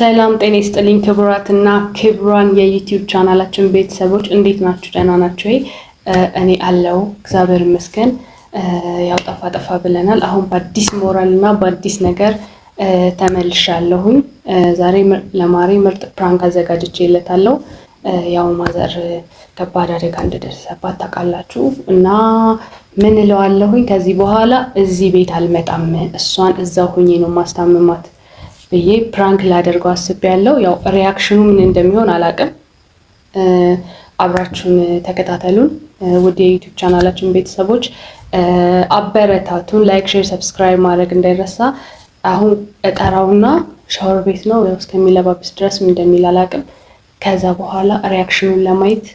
ሰላም ጤና ይስጥልኝ ክቡራትና ክቡራን የዩቲዩብ ቻናላችን ቤተሰቦች እንዴት ናችሁ? ደህና ናችሁ? እኔ አለው እግዚአብሔር ይመስገን። ያው ጠፋ ጠፋ ብለናል። አሁን በአዲስ ሞራል እና በአዲስ ነገር ተመልሻለሁኝ። ዛሬ ለማሪ ምርጥ ፕራንክ አዘጋጅቼለታለሁ። ያው ማዘር ከባድ አደጋ እንደደረሰባት ታውቃላችሁ እና ምን እለዋለሁኝ ከዚህ በኋላ እዚህ ቤት አልመጣም፣ እሷን እዛ ሁኜ ነው ማስታመማት ብዬ ፕራንክ ላደርገው ያለው ያው ሪያክሽኑ ምን እንደሚሆን አላቅም። አብራችሁን ተከታተሉን። ውድ የዩቱብ ቻናላችን ቤተሰቦች አበረታቱን። ላይክ፣ ሼር፣ ሰብስክራይብ ማድረግ እንዳይረሳ። አሁን እጠራውና ሻወር ቤት ነው ያው እስከሚለባብስ ድረስ ምን እንደሚል አላቅም። ከዛ በኋላ ሪያክሽኑን ለማየት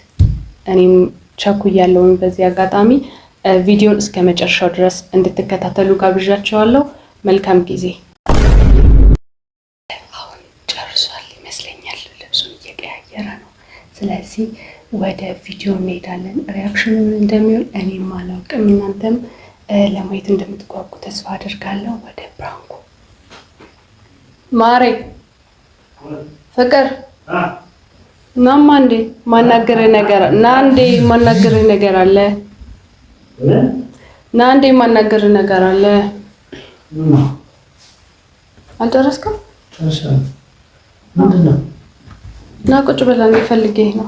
እኔም ቸኩ እያለውን በዚህ አጋጣሚ ቪዲዮን እስከ መጨረሻው ድረስ እንድትከታተሉ ጋብዣቸዋለሁ። መልካም ጊዜ ይመስለኛል። ልብሱን እየቀያየረ ነው። ስለዚህ ወደ ቪዲዮ እንሄዳለን። ሪያክሽኑን እንደሚሆን እኔም አላውቅም። እናንተም ለማየት እንደምትጓጉ ተስፋ አድርጋለሁ። ወደ ፕራንኩ ማሬ ፍቅር ናማ እንዴ ማናገር ነገር ና እንዴ ማናገር ነገር አለ ና እንዴ ማናገር ነገር አለ። አልጨረስክም? ምንድነው? ና ቁጭ ብለን ፈልጌ ነው።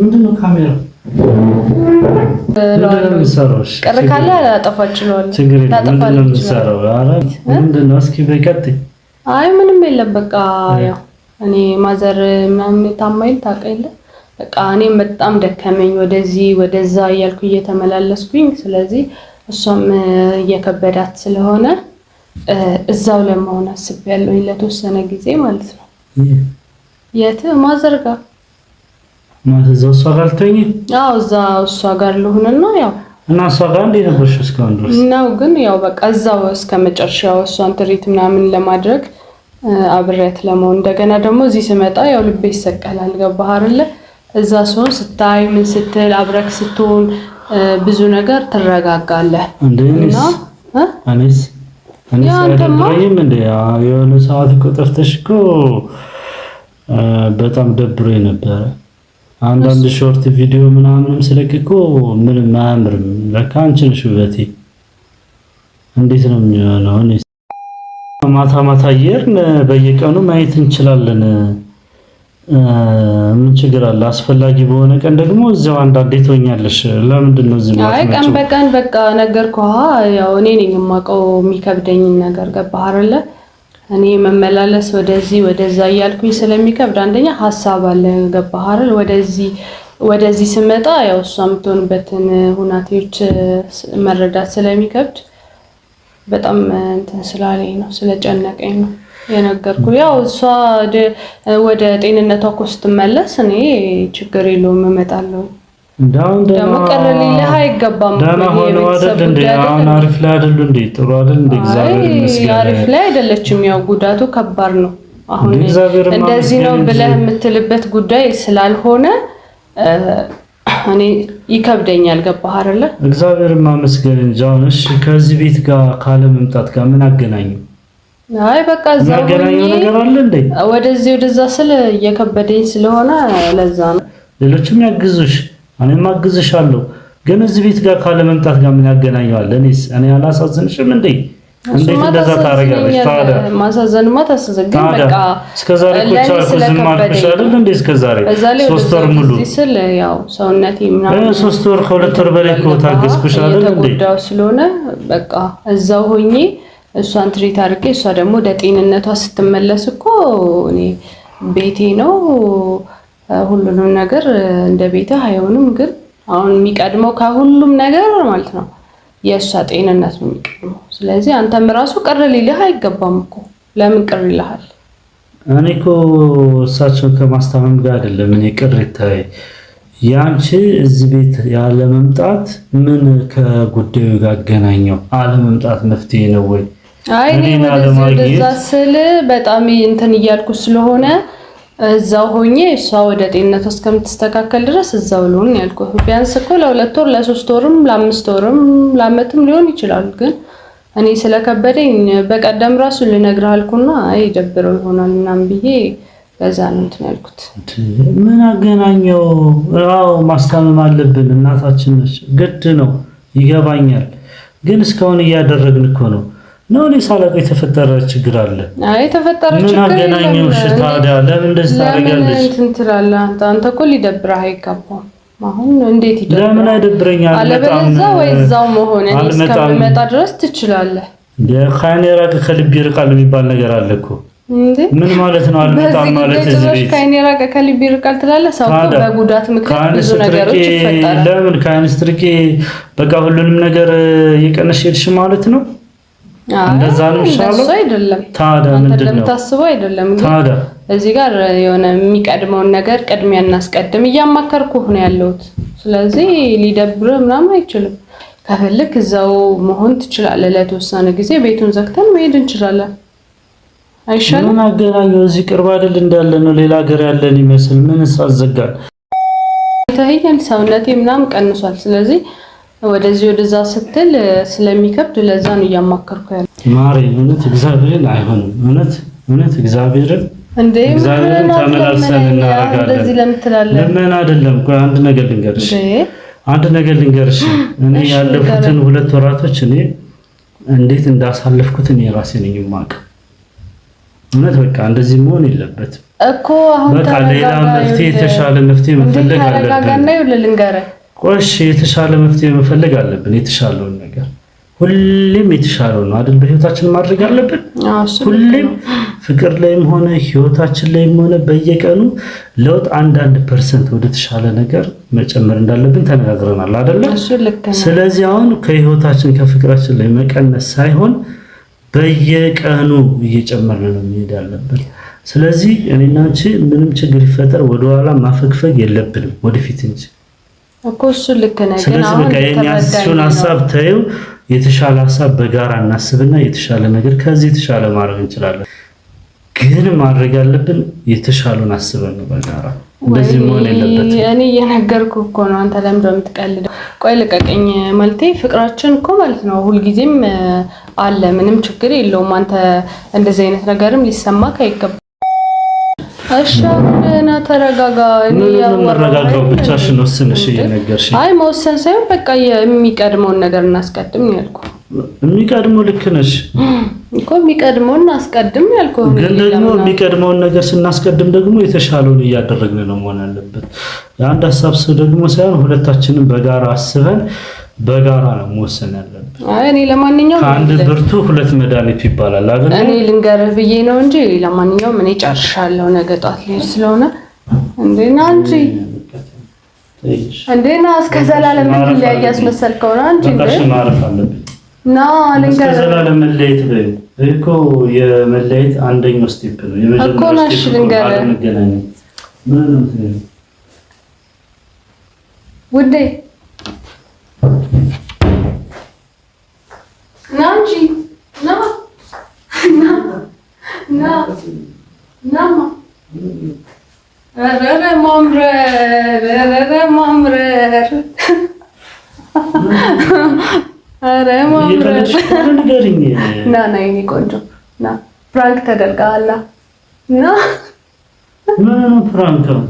ምንድነው ካሜራ ቅር ካለ ላጠፋ አይ ምንም የለም። በቃ ያው እኔ ማዘር ምናምን ታማኝ ታውቃለህ። በቃ እኔም በጣም ደከመኝ፣ ወደዚህ ወደዛ እያልኩ እየተመላለስኩኝ። ስለዚህ እሷም እየከበዳት ስለሆነ እዛው ለመሆን አስቤያለሁ ለተወሰነ ጊዜ ማለት ነው። የት ማዘርጋ ማለት እዛው እሷ ጋር ልትሆኚ? አዎ እዛ እሷ ጋር ልሁንና ያው እና እሷ ጋር እንዴት ነበርሽ እስካሁን ድረስ? ነው ግን ያው በቃ እዛው እስከ መጨረሻው እሷን ትሪት ምናምን ለማድረግ አብሬያት ለመሆን እንደገና ደግሞ እዚህ ስመጣ ያው ልቤ ይሰቀላል። ገባህ አይደለ? እዛ ሲሆን ስታይ ምን ስትል አብረክ ስትሆን ብዙ ነገር ትረጋጋለህ። እንዴ እኔስ ያንተማይም እንደ የሆነ ሰዓት እኮ ጠፍተሽ እኮ በጣም ደብሮ ነበረ። አንዳንድ ሾርት ቪዲዮ ምናምንም ስለቅ እኮ ምንም አያምርም። ለካ አንቺ ነሽ ውበቴ። እንዴት ነው የሚሆነው? ማታ ማታ አየር በየቀኑ ማየት እንችላለን። ምን ችግር አለ? አስፈላጊ በሆነ ቀን ደግሞ እዚያው አንዳንዴ ትሆኛለሽ። ለምንድን ነው እዚህ ማለት ነው? ቀን በቀን በቃ ነገርኩህ። ያው እኔ ነኝ የማውቀው የሚከብደኝ ነገር ገባህ አይደለ? እኔ መመላለስ ወደዚህ ወደዛ እያልኩኝ ስለሚከብድ አንደኛ ሀሳብ አለ ገባህ አይደል? ወደዚህ ወደዚህ ስመጣ ያው እሷ የምትሆንበትን ሁናቴዎች መረዳት ስለሚከብድ በጣም እንትን ስላለኝ ነው፣ ስለጨነቀኝ ነው። የነገርኩ ያው እሷ ወደ ጤንነቷ እኮ ስትመለስ እኔ ችግር የለውም እመጣለሁ። እንዳሁን ደግሞ ቀረ ሌላህ አይገባም። ደህና ሆነው አይደል እንዴ? አሁን አሪፍ ላይ አይደል እንዴ? ጥሩ አይደል እንዴ? እግዚአብሔር ይመስገን አሪፍ ላይ አይደለችም። ያው ጉዳቱ ከባድ ነው። አሁን እንደዚህ ነው ብለህ የምትልበት ጉዳይ ስላልሆነ እኔ ይከብደኛል። ገባህ አይደለ? እግዚአብሔር ይመስገን እንጂ አሁን እሺ፣ ከዚህ ቤት ጋር ካለ መምጣት ጋር ምን አገናኘው? አይ በቃ እዛው ነገር አለ እንዴ? ወደዚህ ወደዛ ስል እየከበደኝ ስለሆነ ለዛ ነው። ሌሎችም ያግዙሽ፣ እኔም አግዝሻለሁ። ግን እዚህ ቤት ጋር ካለ መምጣት ጋር ምን ያገናኘዋል? እኔስ እኔ አላሳዝንሽም እንዴ? እንዴት እንደዛ ታደርጊያለሽ? ታዲያ ማሳዘንማ ታሳዘን። ግን በቃ እስከዛሬ ቁጭ አልኩ ዝም አልኩሽ አይደል እንዴ? እስከዛሬ ሶስት ወር ሙሉ ሲል ያው ሰውነቴ ምናምን ሶስት ወር ከሁለት ወር በላይ እኮ ታገዝኩሽ አይደል እንዴ? ስለሆነ በቃ እዛው ሆኜ እሷን ትሪት አድርጌ እሷ ደግሞ ወደ ጤንነቷ ስትመለስ እኮ እኔ ቤቴ ነው ሁሉንም ነገር እንደ ቤተ አይሆንም። ግን አሁን የሚቀድመው ከሁሉም ነገር ማለት ነው የእሷ ጤንነት ነው የሚቀድመው። ስለዚህ አንተም ራሱ ቅር ሊልህ አይገባም እኮ ለምን ቅር ይልሃል? እኔ እኮ እሳቸውን ከማስታመም ጋር አይደለም። እኔ ቅር ይታይ ያንቺ እዚህ ቤት ያለመምጣት ምን ከጉዳዩ ጋር አገናኘው? አለመምጣት መፍትሄ ነው ወይ? አይ ወደዛ ስል በጣም እንትን እያልኩ ስለሆነ እዛው ሆኜ እሷ ወደ ጤንነቷ እስከምትስተካከል ድረስ እዛው ልሁን ያልኩ። ቢያንስ እኮ ለሁለት ወር ለሶስት ወርም ለአምስት ወርም ለአመትም ሊሆን ይችላል። ግን እኔ ስለከበደኝ በቀደም ራሱ ልነግርህ አልኩና አይ ደብረው ይሆናል ምናምን ብዬ በዛ ነው እንትን ያልኩት። ምን አገናኘው? ራው ማስታመም አለብን። እናታችን ነች፣ ግድ ነው። ይገባኛል። ግን እስካሁን እያደረግን እኮ ነው ነው እኔ ሳላውቅ የተፈጠረ ችግር አለ? አይ የተፈጠረ ችግር ምን አገናኘውሽ ታዲያ? ለምን እንደዚህ ታደርጊያለሽ? እንትን ትላለህ አንተ አንተ እኮ ሊደብርህ አይገባም። አሁን እንዴት ይደብራል? ለምን አይደብረኛል? አለበለዚያ ወይ እዛው መሆን እኔ እስከምመጣ ድረስ ትችላለህ። ከዓይኔ ራቅ ከልብ ይርቃል የሚባል ነገር አለ እኮ ምን ማለት ነው? አልመጣም ማለት እዚህ ቤት ከዓይኔ ራቅ ከልብ ይርቃል ትላለህ። ሰው በጉዳት ምክንያት ብዙ ነገሮች ይፈጠራል። ለምን ከዓይንሽ ርቄ በቃ ሁሉንም ነገር እየቀነሽ ሄድሽ ማለት ነው? እንደዛ ነው ይሻለው። አይደለም ታዲያ ምንድን ነው አይደለም ታዲያ እዚህ ጋር የሆነ የሚቀድመውን ነገር ቅድሚያ እናስቀድም እያማከርኩህ ነው ያለሁት። ስለዚህ ሊደብርህ ምናምን አይችልም። ከፈለክ እዛው መሆን ትችላለህ። ለተወሰነ ጊዜ ቤቱን ዘግተን መሄድ እንችላለን። አይሻልም? ምን አገናኘው? እዚህ ቅርብ አይደል እንዳለ ነው። ሌላ ሀገር ያለን ይመስል ምን ሳዘጋል። አይተኸኛል፣ ሰውነቴ ምናምን ቀንሷል። ስለዚህ ወደዚህ ወደዛ ስትል ስለሚከብድ ለዛ ነው እያማከርኩ ያለ ማሪ። እውነት እግዚአብሔርን አይሆንም። እውነት እውነት እግዚአብሔርን እንዴ እግዚአብሔርን ተመላልሰን እናደርጋለን። ለምን አይደለም? ቆይ አንድ ነገር ልንገርሽ፣ አንድ ነገር ልንገርሽ። እኔ ያለፉትን ሁለት ወራቶች እኔ እንዴት እንዳሳለፍኩት እኔ ራሴ ነኝ ማቅ። እውነት በቃ እንደዚህ መሆን የለበትም እኮ አሁን። በቃ ሌላ መፍትሄ፣ የተሻለ መፍትሄ መፈለግ አለብን። ቆሽ የተሻለ መፍትሄ መፈለግ አለብን። የተሻለውን ነገር ሁሌም የተሻለው ነው አይደል? በህይወታችን ማድረግ አለብን። ሁሌም ፍቅር ላይም ሆነ ህይወታችን ላይም ሆነ በየቀኑ ለውጥ አንዳንድ ፐርሰንት ወደ ተሻለ ነገር መጨመር እንዳለብን ተነጋግረናል አይደለ? ስለዚህ አሁን ከህይወታችን ከፍቅራችን ላይ መቀነስ ሳይሆን በየቀኑ እየጨመርን ነው የሚሄድ አለብን። ስለዚህ እኔና አንቺ ምንም ችግር ይፈጠር ወደኋላ ማፈግፈግ የለብንም ወደፊት እንጂ እኮ ልክ ስለዚህ ሀሳብ ተይው፣ የተሻለ ሀሳብ በጋራ እናስብና የተሻለ ነገር ከዚህ የተሻለ ማድረግ እንችላለን። ግን ማድረግ ያለብን የተሻሉን አስበን ነው በጋራ። እንደዚህ መሆን የለበትም። እኔ እየነገርኩ እኮ ነው። አንተ ለምዶ የምትቀልደው? ቆይ ልቀቀኝ። ማለቴ ፍቅራችን እኮ ማለት ነው ሁልጊዜም አለ፣ ምንም ችግር የለውም። አንተ እንደዚህ አይነት ነገርም ሊሰማክ አይገባም። እሺ እና ተረጋጋ። እኔ ብቻሽን ወስንሽ እየነገርሽ አይ መወሰን ሳይሆን በቃ የሚቀድመውን ነገር እናስቀድም ያልኩ የሚቀድመው ልክ ነሽ እኮ የሚቀድመውን እናስቀድም ያልኩ ግን ደግሞ የሚቀድመውን ነገር ስናስቀድም ደግሞ የተሻለውን እያደረግን ነው መሆን አለበት። የአንድ ሀሳብ ደግሞ ሳይሆን ሁለታችንም በጋራ አስበን በጋራ ነው መወሰን ያለብን። እኔ ለማንኛውም ከአንድ ብርቱ ሁለት መድኃኒት ይባላል አይደል? እኔ ልንገርህ ብዬ ነው እንጂ ለማንኛውም እኔ ጨርሻለሁ። ነገ ጧት ላይ ስለሆነ እንዴና እንጂ እንዴና እስከ ዘላለም ምን ላይ ያስመሰልከው ነው እንጂ እንዴ ታሽ ማረፍ አለብን። ና ልንገርህ፣ እስከ ዘላለም መለየት እኮ የመለየት አንደኛው ስቴፕ ነው። የመጀመሪያው ስቴፕ ነው ልንገርህ ውዴ ና እንጂ ና ና ና ናማ ኧረ ማምረር ኧረ ማምረር ኧረ ማምረር ና ና የእኔ ቆንጆ ና ፕራንክ ተደርጋላ ና ምን ፕራንክ ነው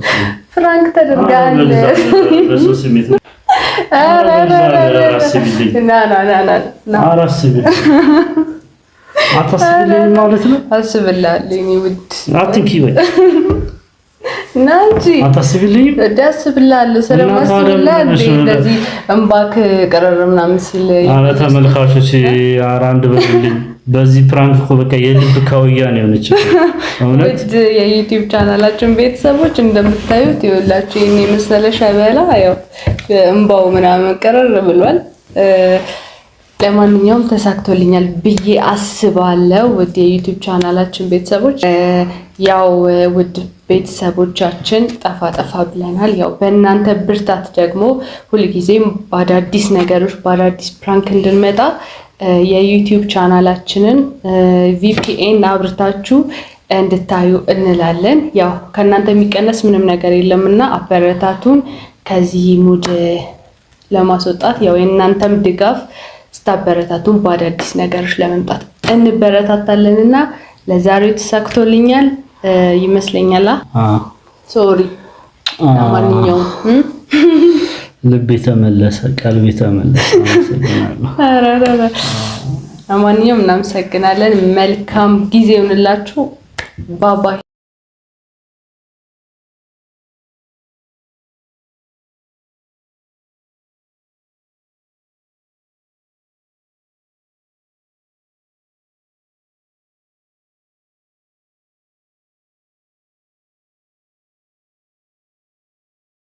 ፕራንክ ተደርጋለ አታስብልኝ ማለት ነው። አስብልሃለሁ እኔ ውድ እና እንጂ አታስብልኝም? እንዳስብላለሁ ስለማስብላ እንደዚህ እምባክ ቀረር ምናምን ሲል አረ ተመልካቾች ኧረ አንድ በልልኝ። በዚህ ፕራንክ እኮ በቃ የልብ ካውያ ነው የሆነችው። እውነት የዩቲዩብ ቻናላችን ቤተሰቦች እንደምታዩት ይኸውላችሁ ይሄን የመሰለ ሸበላ ያው እምባው ምናምን ቀረር ብሏል። ለማንኛውም ተሳክቶልኛል ብዬ አስባለሁ። ውድ የዩቲዩብ ቻናላችን ቤተሰቦች ያው ውድ ቤተሰቦቻችን ጠፋ ጠፋ ብለናል። ያው በእናንተ ብርታት ደግሞ ሁልጊዜም በአዳዲስ ነገሮች በአዳዲስ ፕራንክ እንድንመጣ የዩቲዩብ ቻናላችንን ቪፒኤን አብርታችሁ እንድታዩ እንላለን። ያው ከእናንተ የሚቀነስ ምንም ነገር የለም እና አበረታቱን ከዚህ ሙድ ለማስወጣት ያው የእናንተም ድጋፍ ስታበረታቱን በአዳዲስ ነገሮች ለመምጣት እንበረታታለን እና ለዛሬው ተሳክቶልኛል። ይመስለኛል። ሶሪ ለማንኛውም ልብ ተመለሰ፣ ቀልብ ተመለሰ። ለማንኛውም እናመሰግናለን። መልካም ጊዜ ይሁንላችሁ። ባባይ